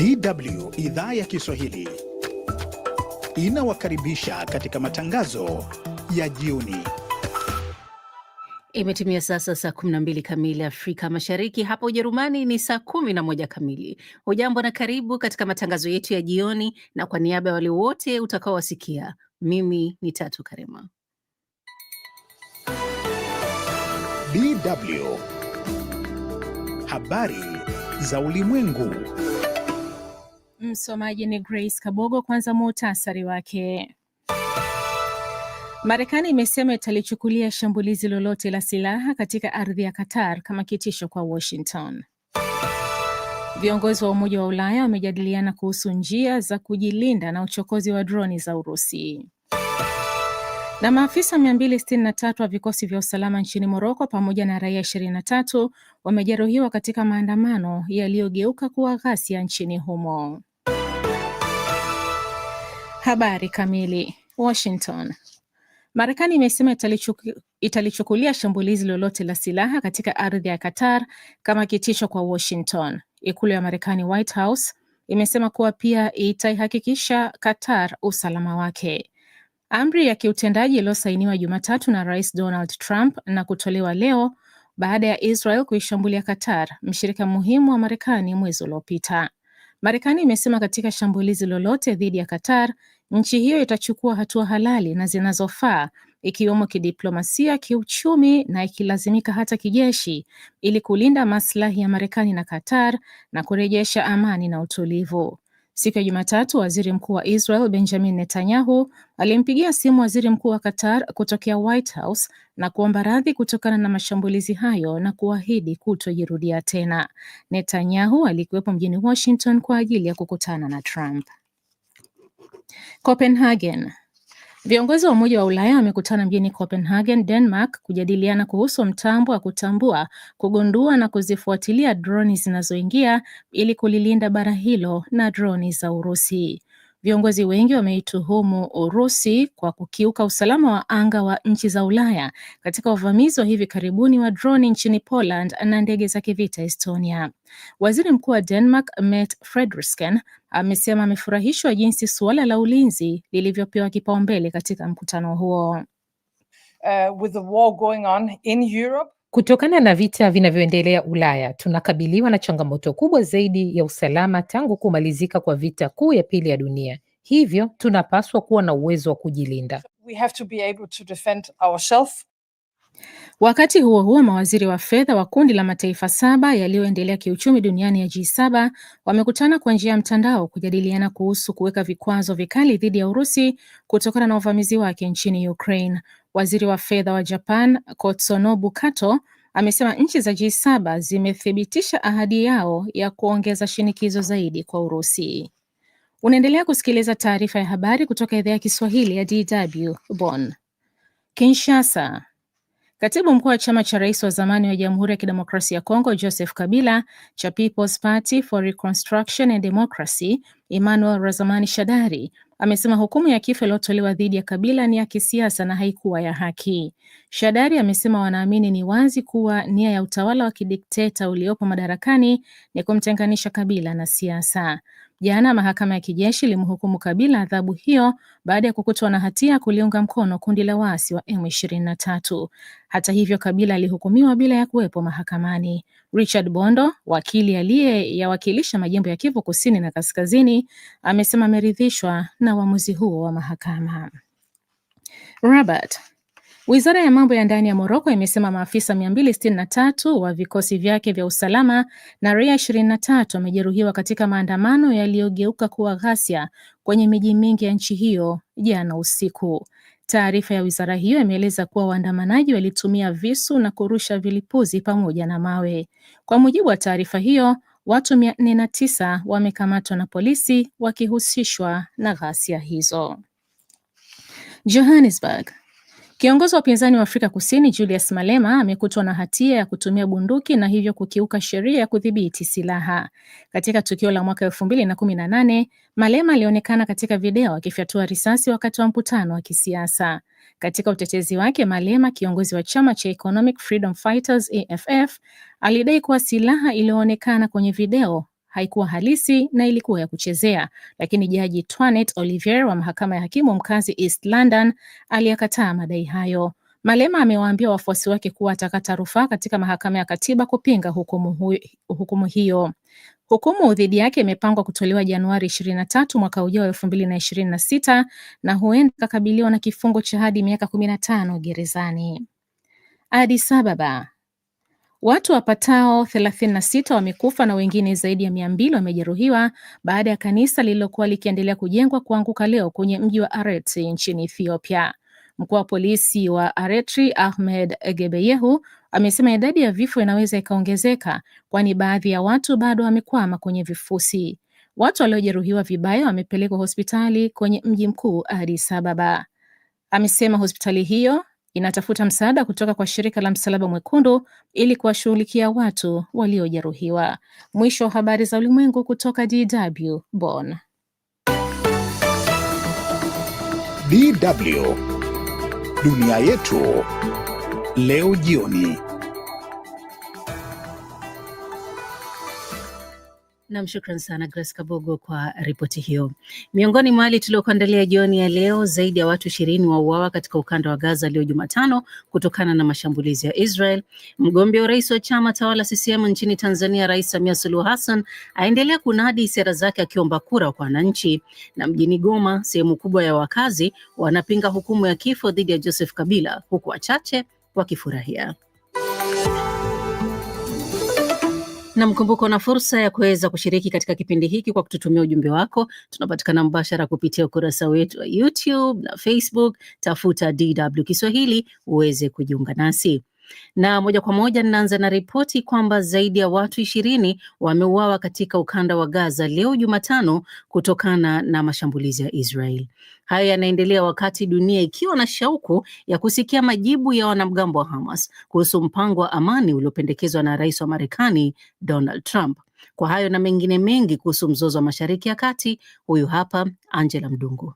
DW idhaa ya Kiswahili inawakaribisha katika matangazo ya jioni. Imetimia sasa saa 12 kamili Afrika Mashariki, hapa Ujerumani ni saa 11 kamili. Hujambo na karibu katika matangazo yetu ya jioni, na kwa niaba ya wale wote utakaowasikia, mimi ni Tatu Karema. DW habari za ulimwengu Msomaji ni Grace Kabogo. Kwanza muhtasari wake. Marekani imesema italichukulia shambulizi lolote la silaha katika ardhi ya Qatar kama kitisho kwa Washington. Viongozi wa Umoja wa Ulaya wamejadiliana kuhusu njia za kujilinda na uchokozi wa droni za Urusi. Na maafisa 263 wa vikosi vya usalama nchini Moroko pamoja na raia 23 wamejeruhiwa katika maandamano yaliyogeuka kuwa ghasia nchini humo. Habari kamili. Washington. Marekani imesema italichukulia shambulizi lolote la silaha katika ardhi ya Qatar kama kitisho kwa Washington. Ikulu ya Marekani, White House, imesema kuwa pia itaihakikisha Qatar usalama wake. Amri ya kiutendaji iliyosainiwa Jumatatu na Rais Donald Trump na kutolewa leo baada ya Israel kuishambulia Qatar, mshirika muhimu wa Marekani, mwezi uliopita. Marekani imesema katika shambulizi lolote dhidi ya Qatar, nchi hiyo itachukua hatua halali na zinazofaa ikiwemo kidiplomasia, kiuchumi na ikilazimika hata kijeshi ili kulinda maslahi ya Marekani na Qatar na kurejesha amani na utulivu. Siku ya Jumatatu, waziri mkuu wa Israel Benjamin Netanyahu alimpigia simu waziri mkuu wa Qatar kutokea White House na kuomba radhi kutokana na mashambulizi hayo na kuahidi kutojirudia tena. Netanyahu alikuwepo mjini Washington kwa ajili ya kukutana na Trump. Copenhagen Viongozi wa Umoja wa Ulaya wamekutana mjini Copenhagen, Denmark kujadiliana kuhusu mtambo wa kutambua, kugundua na kuzifuatilia droni zinazoingia ili kulilinda bara hilo na droni za Urusi. Viongozi wengi wameituhumu Urusi kwa kukiuka usalama wa anga wa nchi za Ulaya katika uvamizi wa hivi karibuni wa droni nchini Poland na ndege za kivita Estonia. Waziri Mkuu wa Denmark Mette Frederiksen amesema amefurahishwa jinsi suala la ulinzi lilivyopewa kipaumbele katika mkutano huo. Uh, with the war going on in Europe Kutokana na vita vinavyoendelea Ulaya, tunakabiliwa na changamoto kubwa zaidi ya usalama tangu kumalizika kwa Vita Kuu ya Pili ya Dunia. Hivyo tunapaswa kuwa na uwezo wa kujilinda. We have to be able to defend ourselves. Wakati huo huo, mawaziri wa fedha wa kundi la mataifa saba yaliyoendelea kiuchumi duniani ya G7 wamekutana kwa njia ya mtandao kujadiliana kuhusu kuweka vikwazo vikali dhidi ya Urusi kutokana na uvamizi wake nchini Ukraine. Waziri wa fedha wa Japan Kotsonobu Kato amesema nchi za G7 zimethibitisha ahadi yao ya kuongeza shinikizo zaidi kwa Urusi. Unaendelea kusikiliza taarifa ya habari kutoka idhaa ya Kiswahili ya DW Bonn. Kinshasa. Katibu mkuu wa chama cha rais wa zamani wa Jamhuri ya Kidemokrasia ya Kongo Joseph Kabila cha People's Party for Reconstruction and Democracy Emmanuel Razamani Shadari amesema hukumu ya kifo iliyotolewa dhidi ya Kabila ni ya kisiasa na haikuwa ya haki. shadari amesema wanaamini ni wazi kuwa nia ya utawala wa kidikteta uliopo madarakani ni kumtenganisha Kabila na siasa. Jana mahakama ya kijeshi ilimhukumu Kabila adhabu hiyo baada ya kukutwa na hatia kuliunga mkono kundi la waasi wa M23. Hata hivyo, Kabila alihukumiwa bila ya kuwepo mahakamani. Richard Bondo, wakili aliyeyawakilisha majimbo ya Kivu Kusini na Kaskazini, amesema ameridhishwa na uamuzi huo wa mahakama. Robert Wizara ya mambo ya ndani ya Moroko imesema maafisa 263 wa vikosi vyake vya usalama na raia 23 wamejeruhiwa katika maandamano yaliyogeuka kuwa ghasia kwenye miji mingi ya nchi hiyo jana usiku. Taarifa ya wizara hiyo imeeleza kuwa waandamanaji walitumia visu na kurusha vilipuzi pamoja na mawe. Kwa mujibu wa taarifa hiyo, watu 409 wamekamatwa na polisi wakihusishwa na ghasia hizo. Johannesburg Kiongozi wa upinzani wa Afrika Kusini Julius Malema amekutwa na hatia ya kutumia bunduki na hivyo kukiuka sheria ya kudhibiti silaha. Katika tukio la mwaka elfu mbili na kumi na nane, Malema alionekana katika video akifyatua risasi wakati wa mkutano wa kisiasa. Katika utetezi wake, Malema, kiongozi wa chama cha Economic Freedom Fighters EFF, alidai kuwa silaha iliyoonekana kwenye video haikuwa halisi na ilikuwa ya kuchezea, lakini jaji Twanet Olivier wa mahakama ya hakimu mkazi East London aliyakataa madai hayo. Malema amewaambia wafuasi wake kuwa atakata rufaa katika mahakama ya katiba kupinga hukumu, hu, hukumu hiyo. Hukumu dhidi yake imepangwa kutolewa Januari 23 mwaka ujao 2026 na huenda akakabiliwa na kifungo cha hadi miaka 15 gerezani. Addis Ababa Watu wapatao 36 wamekufa na wengine zaidi ya mia mbili wamejeruhiwa baada ya kanisa lililokuwa likiendelea kujengwa kuanguka leo kwenye mji wa Areti nchini Ethiopia. Mkuu wa polisi wa Aretri Ahmed Gebeyehu amesema idadi ya vifo inaweza ikaongezeka kwani baadhi ya watu bado wamekwama kwenye vifusi. Watu waliojeruhiwa vibaya wamepelekwa hospitali kwenye mji mkuu Addis Ababa. Amesema hospitali hiyo inatafuta msaada kutoka kwa shirika la Msalaba Mwekundu ili kuwashughulikia watu waliojeruhiwa. Mwisho wa habari za ulimwengu kutoka DW Bonn. DW Dunia Yetu Leo Jioni. Nam, shukran sana Grace Kabogo kwa ripoti hiyo. Miongoni mwa hali tuliokuandalia jioni ya leo, zaidi ya watu ishirini wauawa katika ukanda wa Gaza leo Jumatano kutokana na mashambulizi ya Israel. Mgombea urais wa chama tawala CCM nchini Tanzania, Rais Samia Suluhu Hassan aendelea kunadi sera zake akiomba kura kwa wananchi. Na mjini Goma, sehemu kubwa ya wakazi wanapinga hukumu ya kifo dhidi ya Joseph Kabila, huku wachache wakifurahia. Nam, kumbuka na fursa ya kuweza kushiriki katika kipindi hiki kwa kututumia ujumbe wako. Tunapatikana mbashara kupitia ukurasa wetu wa YouTube na Facebook, tafuta DW Kiswahili uweze kujiunga nasi. Na moja kwa moja ninaanza na ripoti kwamba zaidi ya watu ishirini wameuawa katika ukanda wa Gaza leo Jumatano kutokana na mashambulizi ya Israel. Hayo yanaendelea wakati dunia ikiwa na shauku ya kusikia majibu ya wanamgambo wa Hamas kuhusu mpango wa amani uliopendekezwa na rais wa Marekani Donald Trump. Kwa hayo na mengine mengi kuhusu mzozo wa Mashariki ya Kati, huyu hapa Angela Mdungu.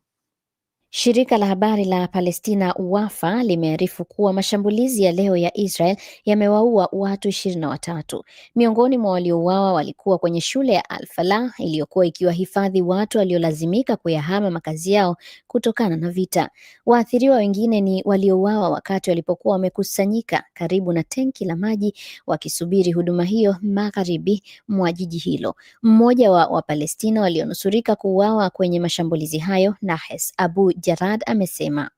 Shirika la habari la Palestina Wafa limearifu kuwa mashambulizi ya leo ya Israel yamewaua watu ishirini na watatu. Miongoni mwa waliouawa walikuwa kwenye shule ya Al-Falah iliyokuwa ikiwahifadhi watu waliolazimika kuyahama makazi yao kutokana na vita. Waathiriwa wengine ni waliouawa wakati walipokuwa wamekusanyika karibu na tenki la maji wakisubiri huduma hiyo magharibi mwa jiji hilo. Mmoja wa Wapalestina walionusurika kuuawa kwenye mashambulizi hayo Nahes Abu Jarad amesema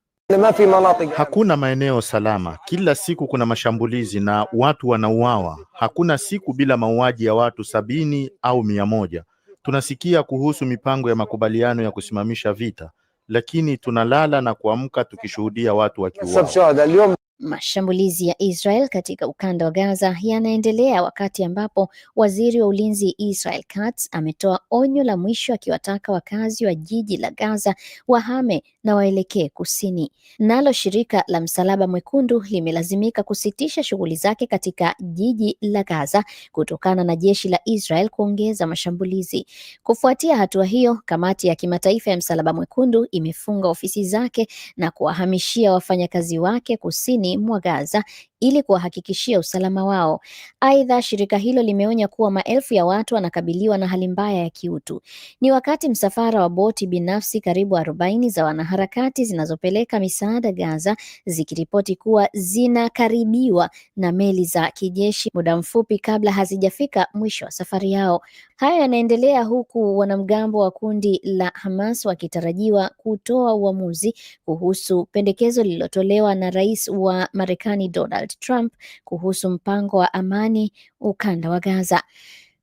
hakuna maeneo salama, kila siku kuna mashambulizi na watu wanauawa. Hakuna siku bila mauaji ya watu sabini au mia moja. Tunasikia kuhusu mipango ya makubaliano ya kusimamisha vita, lakini tunalala na kuamka tukishuhudia watu wakiuawa. Mashambulizi ya Israel katika ukanda wa Gaza yanaendelea wakati ambapo waziri wa ulinzi Israel Katz ametoa onyo la mwisho akiwataka wakazi wa jiji la Gaza wahame na waelekee kusini. Nalo shirika la Msalaba Mwekundu limelazimika kusitisha shughuli zake katika jiji la Gaza kutokana na jeshi la Israel kuongeza mashambulizi. Kufuatia hatua hiyo, kamati ya kimataifa ya Msalaba Mwekundu imefunga ofisi zake na kuwahamishia wafanyakazi wake kusini ni mwa Gaza ili kuwahakikishia usalama wao. Aidha, shirika hilo limeonya kuwa maelfu ya watu wanakabiliwa na hali mbaya ya kiutu. Ni wakati msafara wa boti binafsi karibu arobaini za wanaharakati zinazopeleka misaada Gaza zikiripoti kuwa zinakaribiwa na meli za kijeshi muda mfupi kabla hazijafika mwisho wa safari yao. Haya yanaendelea huku wanamgambo wa kundi la Hamas wakitarajiwa kutoa uamuzi kuhusu pendekezo lililotolewa na Rais wa Marekani Donald Donald Trump kuhusu mpango wa amani ukanda wa Gaza.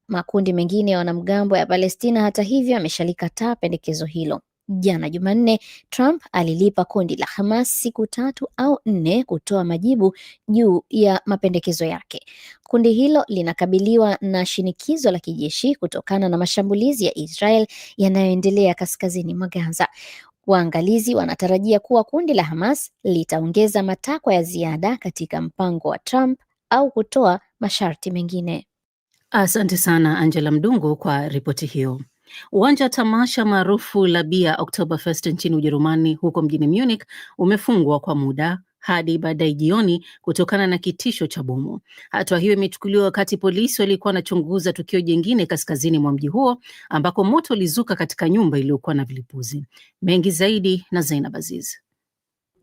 Makundi mengine ya wanamgambo ya Palestina, hata hivyo, yameshalikataa pendekezo hilo. Jana Jumanne, Trump alilipa kundi la Hamas siku tatu au nne kutoa majibu juu ya mapendekezo yake. Kundi hilo linakabiliwa na shinikizo la kijeshi kutokana na mashambulizi ya Israel yanayoendelea kaskazini mwa Gaza. Waangalizi wanatarajia kuwa kundi la Hamas litaongeza matakwa ya ziada katika mpango wa Trump au kutoa masharti mengine. Asante sana Angela Mdungu kwa ripoti hiyo. Uwanja wa tamasha maarufu la bia Oktoberfest nchini Ujerumani huko mjini Munich umefungwa kwa muda hadi baadaye jioni kutokana na kitisho cha bomu. Hatua hiyo imechukuliwa wakati polisi walikuwa wanachunguza tukio jingine kaskazini mwa mji huo ambako moto ulizuka katika nyumba iliyokuwa na vilipuzi. Mengi zaidi na Zainab Aziz.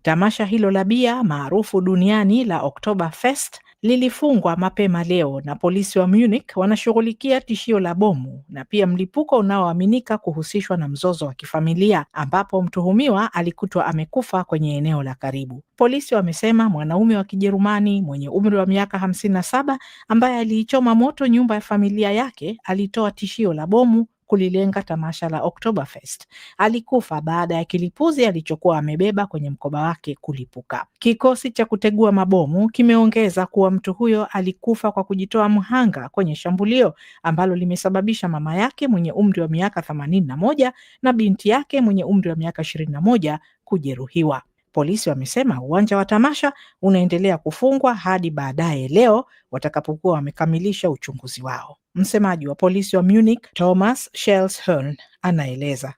Tamasha hilo la bia maarufu duniani la Oktoberfest lilifungwa mapema leo na polisi wa Munich wanashughulikia tishio la bomu na pia mlipuko unaoaminika kuhusishwa na mzozo wa kifamilia ambapo mtuhumiwa alikutwa amekufa kwenye eneo la karibu. Polisi wamesema mwanaume wa Kijerumani mwenye umri wa miaka hamsini na saba ambaye aliichoma moto nyumba ya familia yake alitoa tishio la bomu kulilenga tamasha la Oktoberfest. Alikufa baada ya kilipuzi alichokuwa amebeba kwenye mkoba wake kulipuka. Kikosi cha kutegua mabomu kimeongeza kuwa mtu huyo alikufa kwa kujitoa mhanga kwenye shambulio ambalo limesababisha mama yake mwenye umri wa miaka themanini na moja na binti yake mwenye umri wa miaka ishirini na moja kujeruhiwa. Polisi wamesema uwanja wa tamasha unaendelea kufungwa hadi baadaye leo watakapokuwa wamekamilisha uchunguzi wao. Msemaji wa polisi wa Munich Thomas Schelshorn anaeleza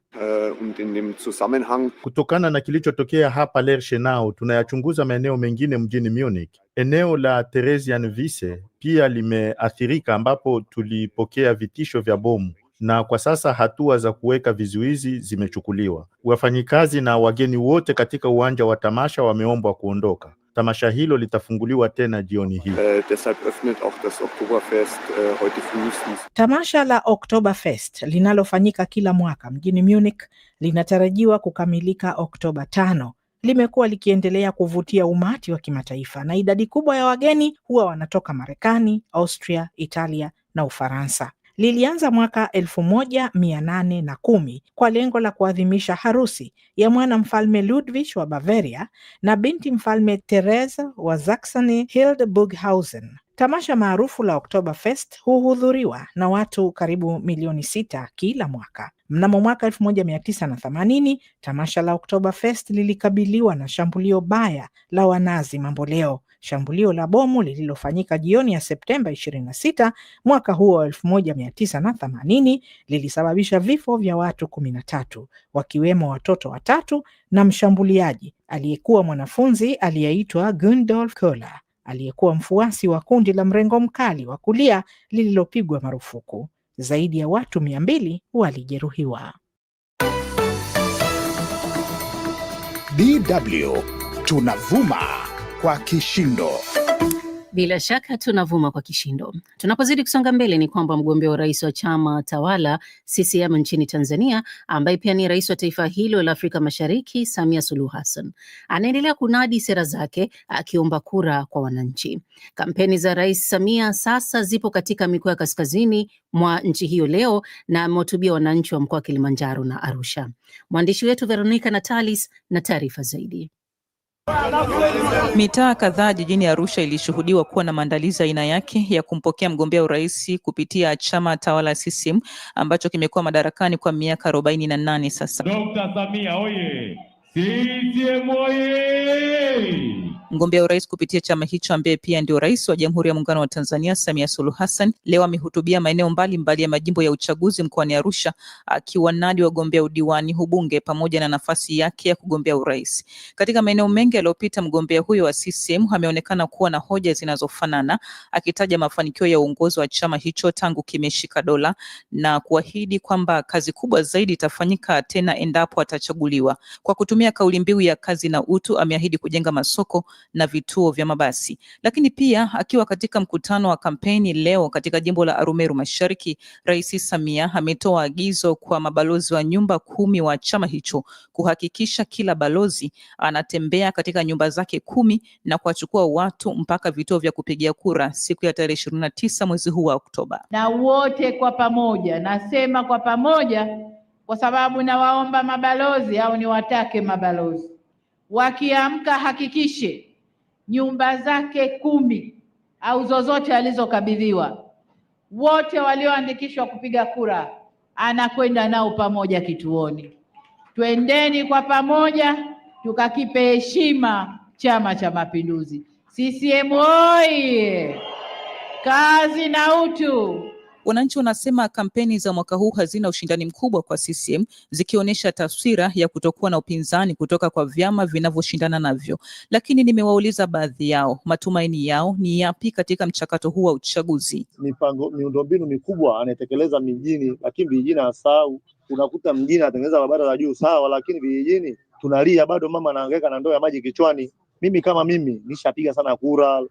uh, kutokana na kilichotokea hapa Lerchenau, tunayachunguza maeneo mengine mjini Munich. Eneo la Theresian Vise pia limeathirika, ambapo tulipokea vitisho vya bomu na kwa sasa hatua za kuweka vizuizi zimechukuliwa. Wafanyikazi na wageni wote katika uwanja wa tamasha wameombwa kuondoka. Tamasha hilo litafunguliwa tena jioni hii. Uh, deshalb öffnet auch das Oktoberfest uh, heute frühestens. Tamasha la Oktoberfest linalofanyika kila mwaka mjini Munich linatarajiwa kukamilika Oktoba tano. Limekuwa likiendelea kuvutia umati wa kimataifa na idadi kubwa ya wageni huwa wanatoka Marekani, Austria, Italia na Ufaransa lilianza mwaka elfu moja mia nane na kumi kwa lengo la kuadhimisha harusi ya mwana mfalme Ludwig wa Bavaria na binti mfalme Therese wa Saxony Hildburghausen. Tamasha maarufu la Oktoberfest huhudhuriwa na watu karibu milioni sita kila mwaka. Mnamo mwaka 1980 tamasha la Oktoberfest lilikabiliwa na shambulio baya la Wanazi mamboleo shambulio la bomu lililofanyika jioni ya Septemba 26 mwaka huo wa 1980 lilisababisha vifo vya watu 13 wakiwemo watoto watatu na mshambuliaji aliyekuwa mwanafunzi aliyeitwa Gundolf Koller aliyekuwa mfuasi wa kundi la mrengo mkali wa kulia lililopigwa marufuku. Zaidi ya watu mia mbili walijeruhiwa. DW tunavuma kwa kishindo. Bila shaka tunavuma kwa kishindo. Tunapozidi kusonga mbele, ni kwamba mgombea wa rais wa chama tawala CCM nchini Tanzania, ambaye pia ni rais wa taifa hilo la Afrika Mashariki, Samia Suluhu Hassan anaendelea kunadi sera zake, akiomba kura kwa wananchi. Kampeni za Rais Samia sasa zipo katika mikoa ya kaskazini mwa nchi hiyo leo, na amewatubia wananchi wa mkoa wa Kilimanjaro na Arusha. Mwandishi wetu Veronica Natalis na taarifa zaidi. Mitaa kadhaa jijini Arusha ilishuhudiwa kuwa na maandalizi aina yake ya kumpokea mgombea urais kupitia chama tawala CCM ambacho kimekuwa madarakani kwa miaka arobaini na nane sasa. Dr. Samia oye! CCM oyee! Mgombea urais kupitia chama hicho ambaye pia ndio rais wa Jamhuri ya Muungano wa Tanzania, Samia Suluhu Hassan leo amehutubia maeneo mbalimbali ya majimbo ya uchaguzi mkoani Arusha, akiwa nadi wagombea udiwani, ubunge pamoja na nafasi yake ya kugombea urais. Katika maeneo mengi aliyopita, mgombea huyo wa CCM ameonekana kuwa na hoja zinazofanana, akitaja mafanikio ya uongozi wa chama hicho tangu kimeshika dola na kuahidi kwamba kazi kubwa zaidi itafanyika tena endapo atachaguliwa kwa kutumia kutumia kauli mbiu ya kazi na utu, ameahidi kujenga masoko na vituo vya mabasi. Lakini pia akiwa katika mkutano wa kampeni leo katika jimbo la Arumeru Mashariki, Rais Samia ametoa agizo kwa mabalozi wa nyumba kumi wa chama hicho kuhakikisha kila balozi anatembea katika nyumba zake kumi na kuwachukua watu mpaka vituo vya kupigia kura siku ya tarehe 29 mwezi huu wa Oktoba. Na wote kwa pamoja, nasema kwa pamoja kwa sababu nawaomba mabalozi au niwatake mabalozi wakiamka, hakikishe nyumba zake kumi au zozote alizokabidhiwa, wote walioandikishwa kupiga kura anakwenda nao pamoja kituoni. Twendeni kwa pamoja tukakipe heshima Chama cha Mapinduzi, CCM oye! Kazi na utu! Wananchi wanasema kampeni za mwaka huu hazina ushindani mkubwa kwa CCM, zikionyesha taswira ya kutokuwa na upinzani kutoka kwa vyama vinavyoshindana navyo. Lakini nimewauliza baadhi yao matumaini yao ni yapi katika mchakato huu wa uchaguzi. Mipango miundombinu mikubwa anayetekeleza mijini, lakini vijijini hasahau. Unakuta mjini anatengeneza barabara za juu sawa, lakini vijijini tunalia bado, mama anahangaika na ndoo ya maji kichwani. Mimi kama mimi nishapiga sana kura,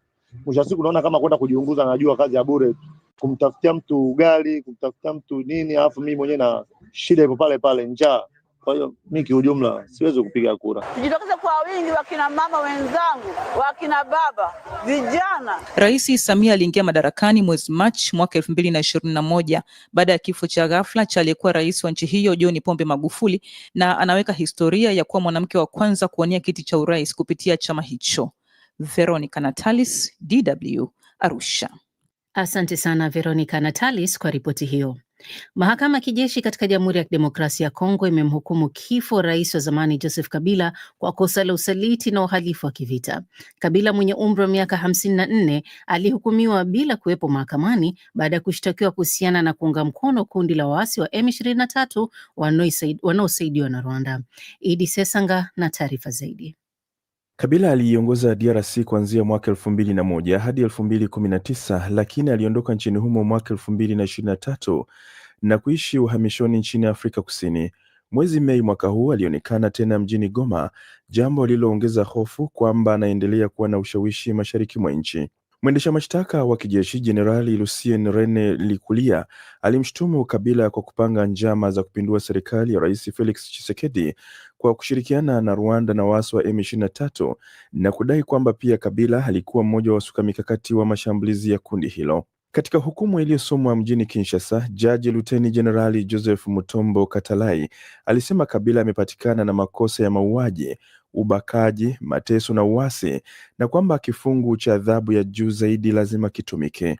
mwisho wa siku naona kama kwenda kujiunguza, najua kazi ya bure kumtafutia mtu ugali, kumtafutia mtu nini, alafu mimi mwenyewe na shida ipo pale pale, njaa. Kwa hiyo mi kiujumla siwezi kupiga kura. Tujitokeze kwa wingi, wakina mama wenzangu, wakina baba, vijana. Rais Samia aliingia madarakani mwezi Machi mwaka elfu mbili na ishirini na moja baada ya kifo cha ghafla cha aliyekuwa rais wa nchi hiyo John Pombe Magufuli, na anaweka historia ya kuwa mwanamke wa kwanza kuwania kiti cha urais kupitia chama hicho. Veronica Natalis, DW, Arusha. Asante sana Veronica Natalis kwa ripoti hiyo. Mahakama ya kijeshi katika Jamhuri ya Kidemokrasia ya Kongo imemhukumu kifo rais wa zamani Joseph Kabila kwa kosa la usaliti na uhalifu wa kivita. Kabila mwenye umri wa miaka hamsini na nne alihukumiwa bila kuwepo mahakamani baada ya kushtakiwa kuhusiana na kuunga mkono kundi la waasi wa M23 wanaosaidiwa na Rwanda. Idi Sesanga na taarifa zaidi. Kabila aliiongoza DRC kuanzia mwaka elfu mbili na moja hadi elfu mbili kumi na tisa lakini aliondoka nchini humo mwaka elfu mbili na ishirini na tatu na kuishi uhamishoni nchini Afrika Kusini. Mwezi Mei mwaka huu alionekana tena mjini Goma, jambo lililoongeza hofu kwamba anaendelea kuwa na ushawishi mashariki mwa nchi. Mwendesha mashtaka wa kijeshi Jenerali Lucien Rene Likulia alimshutumu Kabila kwa kupanga njama za kupindua serikali ya Rais Felix Tshisekedi kwa kushirikiana na Rwanda na waasi wa M23 na kudai kwamba pia Kabila alikuwa mmoja wa wasuka mikakati wa mashambulizi ya kundi hilo. Katika hukumu iliyosomwa mjini Kinshasa, jaji luteni jenerali Joseph Mutombo Katalai alisema Kabila amepatikana na makosa ya mauaji, ubakaji, mateso na uasi na kwamba kifungu cha adhabu ya juu zaidi lazima kitumike.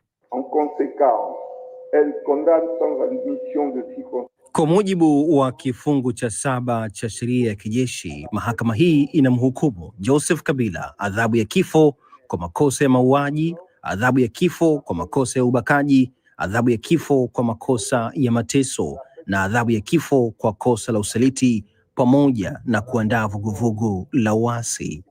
Kwa mujibu wa kifungu cha saba cha sheria ya kijeshi, mahakama hii inamhukumu Joseph Kabila adhabu ya kifo kwa makosa ya mauaji, adhabu ya kifo kwa makosa ya ubakaji, adhabu ya kifo kwa makosa ya mateso na adhabu ya kifo kwa kosa la usaliti pamoja na kuandaa vuguvugu la uasi.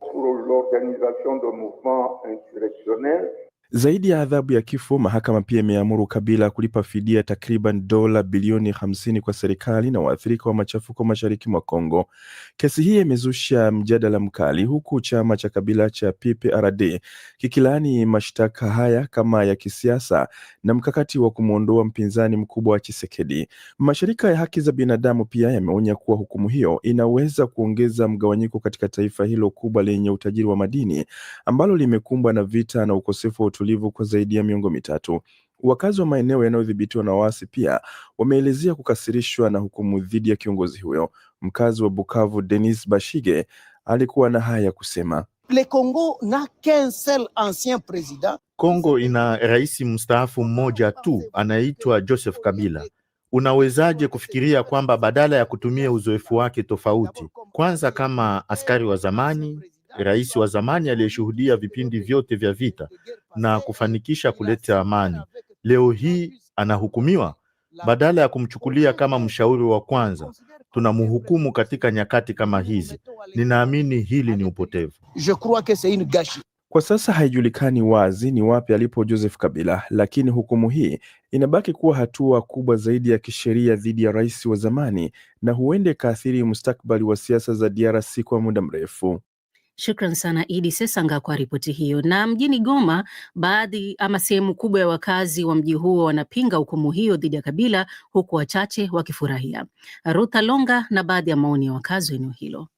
Zaidi ya adhabu ya kifo, mahakama pia imeamuru Kabila kulipa fidia takriban dola bilioni hamsini kwa serikali na waathirika wa machafuko mashariki mwa Kongo. Kesi hii imezusha mjadala mkali, huku chama cha Kabila cha PPRD kikilaani mashtaka haya kama ya kisiasa na mkakati wa kumwondoa mpinzani mkubwa wa Chisekedi. Mashirika ya haki za binadamu pia yameonya kuwa hukumu hiyo inaweza kuongeza mgawanyiko katika taifa hilo kubwa lenye utajiri wa madini ambalo limekumbwa na vita na ukosefu utulivu kwa zaidi ya miongo mitatu. Wakazi wa maeneo yanayodhibitiwa na waasi pia wameelezea kukasirishwa na hukumu dhidi ya kiongozi huyo. Mkazi wa Bukavu Denis Bashige alikuwa na haya ya kusema. Le Congo n'a qu'un seul ancien président. Kongo ina rais mstaafu mmoja tu anaitwa Joseph Kabila. Unawezaje kufikiria kwamba badala ya kutumia uzoefu wake tofauti, kwanza kama askari wa zamani, rais wa zamani aliyeshuhudia vipindi vyote vya vita na kufanikisha kuleta amani, leo hii anahukumiwa. Badala ya kumchukulia kama mshauri wa kwanza, tunamhukumu katika nyakati kama hizi. Ninaamini hili ni upotevu. Kwa sasa haijulikani wazi ni wapi alipo Joseph Kabila, lakini hukumu hii inabaki kuwa hatua kubwa zaidi ya kisheria dhidi ya rais wa zamani na huenda ikaathiri mustakabali wa siasa za DRC kwa muda mrefu. Shukran sana Idi Sesanga kwa ripoti hiyo. Na mjini Goma, baadhi ama sehemu kubwa ya wakazi wa mji huo wanapinga hukumu hiyo dhidi ya Kabila, huku wachache wakifurahia. Rutha Longa na baadhi ya maoni ya wakazi wa eneo hilo.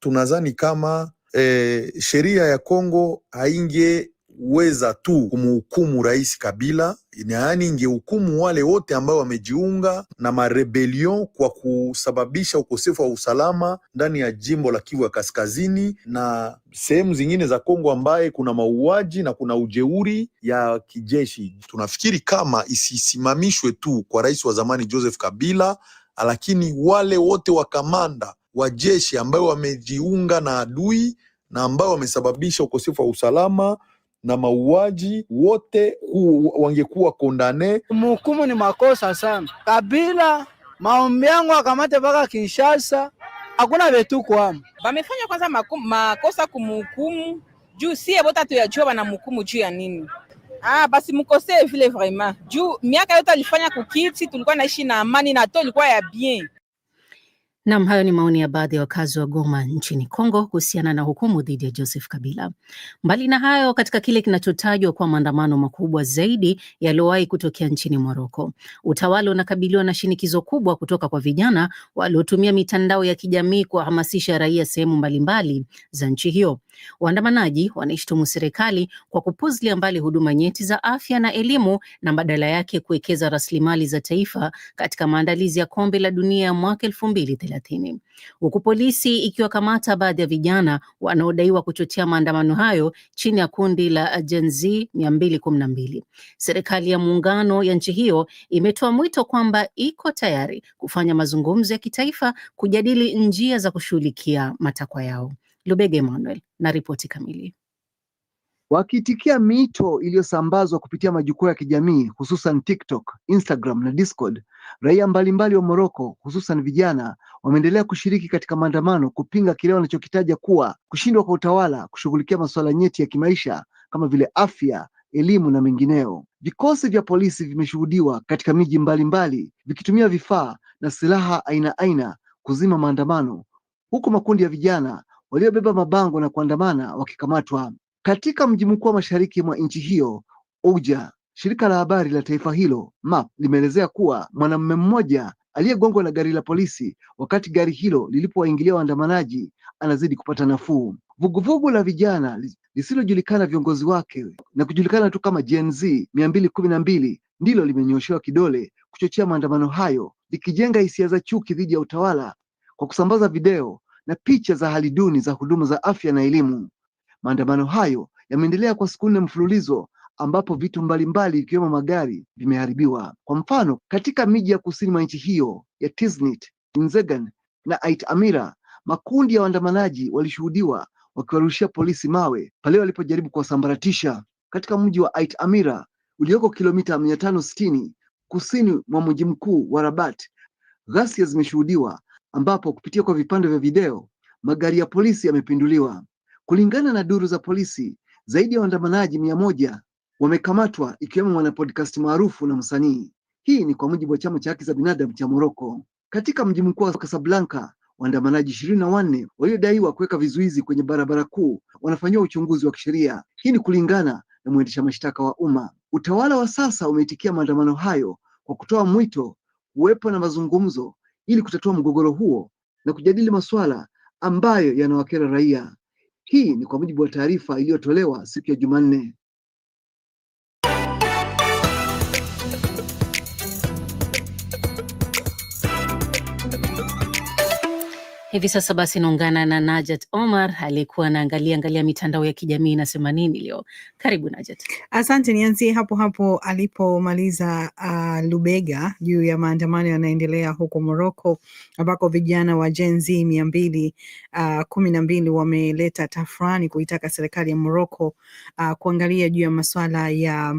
Tunadhani kama e, sheria ya Kongo hainge kuweza tu kumhukumu Rais Kabila, yaani ingehukumu wale wote ambao wamejiunga na marebelion kwa kusababisha ukosefu wa usalama ndani ya jimbo la Kivu ya Kaskazini na sehemu zingine za Kongo, ambaye kuna mauaji na kuna ujeuri ya kijeshi. Tunafikiri kama isisimamishwe tu kwa rais wa zamani Joseph Kabila, lakini wale wote wa kamanda wa jeshi ambao wamejiunga na adui na ambao wamesababisha ukosefu wa usalama na mauaji wote wangekuwa kondane. Mhukumu ni makosa sana kabila. Maombi yangu akamate mpaka Kinshasa, hakuna vetukwama bamefanya kwanza makosa kumhukumu juu sie bota tuyajua wanamhukumu juu ya nini? Ah, basi mkosee vile vraiment juu miaka yote alifanya kukiti, tulikuwa naishi na amani na to ilikuwa ya bien Nam, hayo ni maoni ya baadhi ya wakazi wa Goma nchini congo kuhusiana na hukumu dhidi ya Joseph Kabila. Mbali na hayo, katika kile kinachotajwa kuwa maandamano makubwa zaidi yaliyowahi kutokea nchini Moroko, utawala unakabiliwa na shinikizo kubwa kutoka kwa vijana waliotumia mitandao ya kijamii kuwahamasisha raia sehemu mbalimbali za nchi hiyo. Waandamanaji wanaishtumu serikali kwa kupuzilia mbali huduma nyeti za afya na elimu na badala yake kuwekeza rasilimali za taifa katika maandalizi ya kombe la dunia ya mwaka elfu mbili thelathini huku polisi ikiwakamata baadhi ya vijana wanaodaiwa kuchochea maandamano hayo chini ya kundi la Gen Z 212. Serikali ya muungano ya nchi hiyo imetoa mwito kwamba iko tayari kufanya mazungumzo ya kitaifa kujadili njia za kushughulikia matakwa yao. Lubega Emmanuel na ripoti kamili. Wakiitikia mito iliyosambazwa kupitia majukwaa ya kijamii hususan TikTok, Instagram na Discord, raia mbalimbali wa Moroko hususan vijana wameendelea kushiriki katika maandamano kupinga kile wanachokitaja kuwa kushindwa kwa utawala kushughulikia masuala nyeti ya kimaisha kama vile afya, elimu na mengineo. Vikosi vya polisi vimeshuhudiwa katika miji mbalimbali vikitumia vifaa na silaha aina aina kuzima maandamano, huku makundi ya vijana waliobeba mabango na kuandamana wakikamatwa katika mji mkuu wa mashariki mwa nchi hiyo Uja. Shirika la habari la taifa hilo MAP limeelezea kuwa mwanamume mmoja aliyegongwa na gari la polisi wakati gari hilo lilipowaingilia waandamanaji anazidi kupata nafuu. Vuguvugu la vijana lisilojulikana viongozi wake na kujulikana tu kama Gen Z mia mbili kumi na mbili ndilo limenyoshewa kidole kuchochea maandamano hayo, likijenga hisia za chuki dhidi ya utawala kwa kusambaza video na picha za hali duni za huduma za afya na elimu. Maandamano hayo yameendelea kwa siku nne mfululizo ambapo vitu mbalimbali ikiwemo magari vimeharibiwa. Kwa mfano, katika miji ya kusini mwa nchi hiyo ya Tiznit, Inzegan na Ait Amira, makundi ya waandamanaji walishuhudiwa wakiwarushia polisi mawe pale walipojaribu kuwasambaratisha. Katika mji wa Ait Amira ulioko kilomita mia tano sitini kusini mwa mji mkuu wa Rabat, ghasia zimeshuhudiwa ambapo kupitia kwa vipande vya video magari ya polisi yamepinduliwa. Kulingana na duru za polisi, zaidi ya waandamanaji mia moja wamekamatwa ikiwemo mwanapodcast maarufu na msanii. Hii ni kwa mujibu wa chama cha haki za binadamu cha Moroko. Katika mji mkuu wa Kasablanka, waandamanaji ishirini na wanne waliodaiwa kuweka vizuizi kwenye barabara kuu wanafanyiwa uchunguzi wa kisheria. Hii ni kulingana na mwendesha mashtaka wa umma. Utawala wa sasa umeitikia maandamano hayo kwa kutoa mwito kuwepo na mazungumzo ili kutatua mgogoro huo na kujadili masuala ambayo yanawakera raia. Hii ni kwa mujibu wa taarifa iliyotolewa siku ya Jumanne. Hivi sasa basi naungana na Najat Omar aliyekuwa anaangalia angalia mitandao ya kijamii inasema nini leo. Karibu Najat. Asante, nianzie hapo hapo alipomaliza uh, Lubega juu ya maandamano yanaendelea huko Moroko ambako vijana wa Gen Z mia mbili uh, kumi na mbili wameleta tafrani kuitaka serikali ya Moroko uh, kuangalia juu ya masuala ya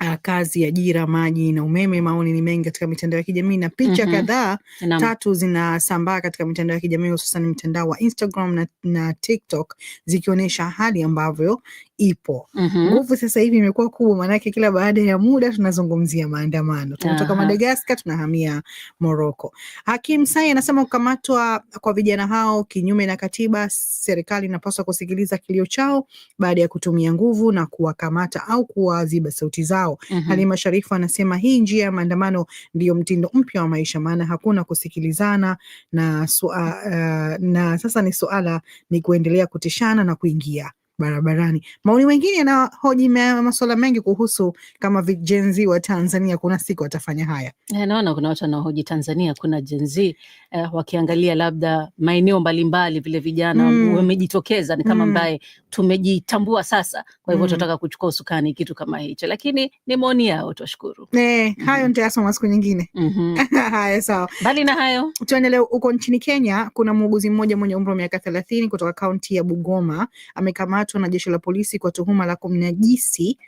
uh, kazi, ajira, maji na umeme. Maoni ni mengi katika mitandao ya kijamii na picha mm -hmm. kadhaa tatu zinasambaa katika mitandao ya kijamii hususan mtandao wa Instagram na, na TikTok zikionyesha hali ambavyo ipo mhm. nguvu mm -hmm. Sasa hivi imekuwa kubwa, maanake kila baada ya muda tunazungumzia maandamano. Tunatoka Madagascar tunahamia Moroko. Hakim Sai anasema kukamatwa kwa vijana hao kinyume na katiba, serikali inapaswa kusikiliza kilio chao baada ya kutumia nguvu na kuwakamata au kuwaziba sauti zao yao. mm -hmm. Halima Sharifu anasema hii njia ya maandamano ndiyo mtindo mpya wa maisha, maana hakuna kusikilizana na, sua, uh, na sasa ni suala ni kuendelea kutishana na kuingia barabarani. Maoni mengine yanahoji masuala mengi kuhusu kama vijenzi wa Tanzania kuna siku watafanya haya. Eh, naona kuna watu wanaohoji Tanzania kuna jenzi eh, wakiangalia labda maeneo mbalimbali vile vijana mm. wamejitokeza ni kama mm. ambaye mm. tumejitambua sasa, kwa hivyo mm. tunataka kuchukua usukani, kitu kama hicho, lakini ni maoni yao, tuwashukuru Eh, mm-hmm. hayo mm. nitayasoma siku nyingine. Mm-hmm. Haya, sawa. Mbali na hayo, tuendelee huko nchini Kenya. Kuna muuguzi mmoja mwenye umri wa miaka thelathini kutoka kaunti ya Bugoma amekamata alikamatwa na jeshi la polisi kwa tuhuma la kumnajisi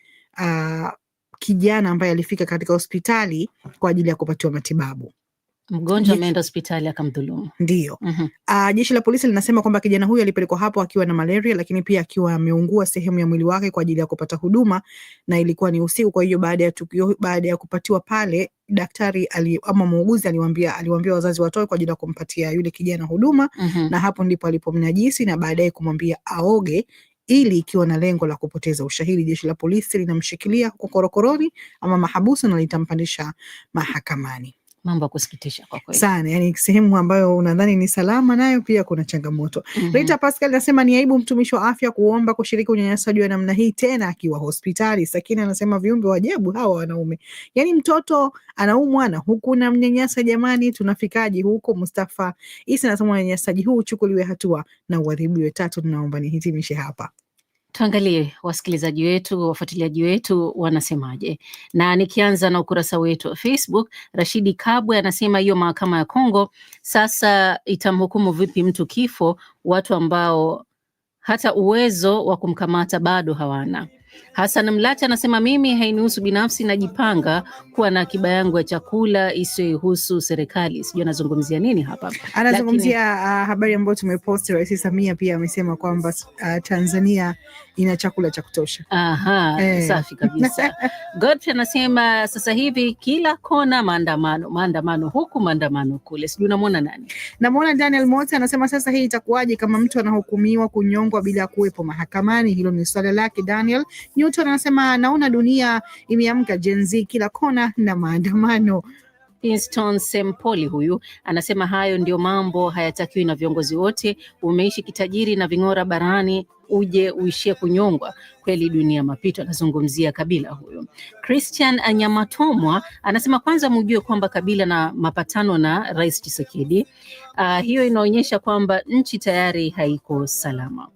uh, kijana ambaye alifika katika hospitali kwa ajili ya kupatiwa matibabu. Mgonjwa ameenda hospitali akamdhulumu, ndiyo. mm -hmm. Uh, ah, jeshi la polisi linasema kwamba kijana huyo alipelekwa hapo akiwa na malaria, lakini pia akiwa ameungua sehemu ya mwili wake kwa ajili ya kupata huduma, na ilikuwa ni usiku. Kwa hiyo baada ya tukio, baada ya kupatiwa pale, daktari ali, ama muuguzi aliwambia aliwambia wazazi watoe kwa ajili ya kumpatia yule kijana huduma. mm -hmm. Na hapo ndipo alipomnajisi na baadaye kumwambia aoge ili ikiwa na lengo la kupoteza ushahidi. Jeshi la polisi linamshikilia huko korokoroni ama mahabusu na litampandisha mahakamani. Mambo ya kusikitisha kwa kweli sana, yani sehemu ambayo unadhani ni salama, nayo pia kuna changamoto. mm -hmm. Rita Pascal anasema ni aibu mtumishi wa afya kuomba kushiriki unyanyasaji wa namna hii, tena akiwa hospitali. Sakina anasema viumbe wa ajabu hawa wanaume, yani mtoto anaumwa na huku na mnyanyasa. Jamani, tunafikaje huko? Mustafa Isa anasema unyanyasaji huu uchukuliwe hatua na uadhibiwe. Tatu, tunaomba nihitimishe hapa. Tuangalie wasikilizaji wetu, wafuatiliaji wetu wanasemaje, na nikianza na ukurasa wetu wa Facebook, Rashidi Kabwe anasema hiyo mahakama ya Kongo sasa itamhukumu vipi mtu kifo, watu ambao hata uwezo wa kumkamata bado hawana. Hassan Mlacha anasema mimi hainihusu binafsi, najipanga kuwa na akiba yangu ya chakula isiyoihusu serikali. Sijui anazungumzia nini hapa, anazungumzia Lakini... uh, habari ambayo tumeposti Rais Samia pia amesema kwamba uh, Tanzania ina chakula cha kutosha. Aha, eh. Safi kabisa. Godfrey anasema sasa hivi kila kona maandamano, maandamano huku, maandamano kule. Sijui unamwona nani? Namwona Daniel Mota anasema sasa hii itakuwaje kama mtu anahukumiwa kunyongwa bila ya kuwepo mahakamani? Hilo ni swala lake. Daniel Newton anasema naona dunia imeamka, Gen Z kila kona na maandamano. Inston Sempoli huyu anasema hayo ndio mambo hayatakiwi na viongozi wote. Umeishi kitajiri na ving'ora barani uje uishie kunyongwa. Kweli dunia mapito. Anazungumzia Kabila huyo. Christian Anyamatomwa anasema kwanza mujue kwamba Kabila na mapatano na Rais Tshisekedi. Uh, hiyo inaonyesha kwamba nchi tayari haiko salama.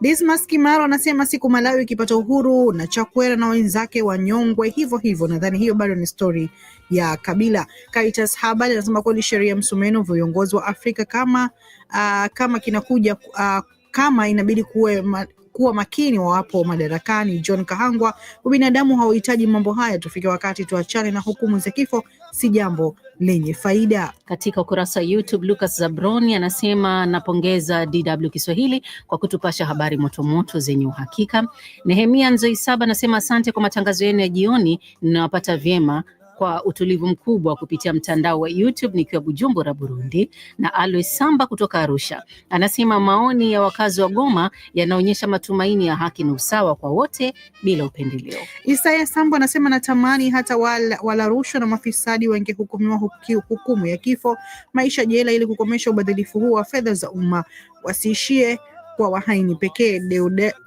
Dismas Kimaro anasema siku Malawi ikipata uhuru na Chakwera na wenzake wanyongwe hivyo hivyo. Nadhani hiyo bado ni stori ya Kabila. Kaitas Habari anasema kweli sheria msumeno viongozi wa Afrika kama uh, kama kinakuja uh, kama inabidi kuwe ma, kuwa makini wawapo madarakani. John Kahangwa: ubinadamu hauhitaji mambo haya, tufike wakati tuachane na hukumu za kifo, si jambo lenye faida. Katika ukurasa wa YouTube, Lucas Zabroni anasema napongeza DW Kiswahili kwa kutupasha habari motomoto zenye uhakika. Nehemia nzoi saba anasema asante kwa matangazo yenu ya jioni, ninawapata vyema kwa utulivu mkubwa kupitia mtandao wa YouTube nikiwa Bujumbura, Burundi, na Alois Samba kutoka Arusha anasema maoni ya wakazi wa Goma yanaonyesha matumaini ya haki na usawa kwa wote bila upendeleo. Isaya samba anasema natamani hata wala, wala rushwa na mafisadi wangehukumiwa hukumu ya kifo, maisha jela, ili kukomesha ubadhilifu huu wa fedha za umma, wasiishie kwa wahaini pekee.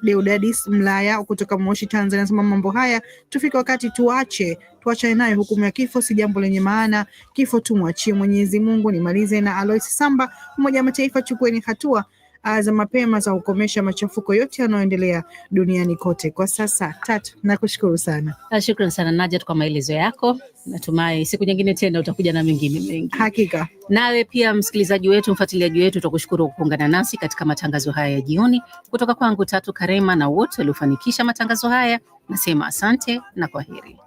Deudadis Mlaya kutoka Moshi, Tanzania anasema mambo haya tufike wakati tuache tuachane nayo. Hukumu ya kifo si jambo lenye maana, kifo tumwachie Mwenyezi Mungu. Nimalize na Alois Samba, Umoja wa Mataifa chukueni hatua Uh, za mapema za kukomesha machafuko yote yanayoendelea duniani kote kwa sasa. Tatu, nakushukuru sana. Shukran sana Najat kwa maelezo yako. Natumai siku nyingine tena utakuja na mengine mengi. Hakika. Nawe pia msikilizaji wetu, mfuatiliaji wetu, tutakushukuru kuungana nasi katika matangazo haya ya jioni. Kutoka kwangu Tatu Karema na wote waliofanikisha matangazo haya, nasema asante na kwa heri.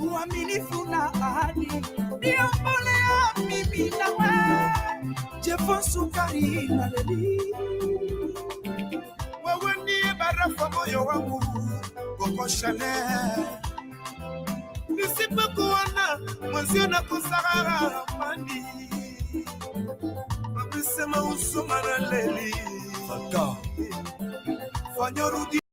Uaminifu na ahadi ndio mbolea mimi na wewe. fo sukari naleli wewe ndiye barafa moyo wangu Coco Chanel nisipokuona mwenzio na kusahara amani babisema usuma naleli fanya rudi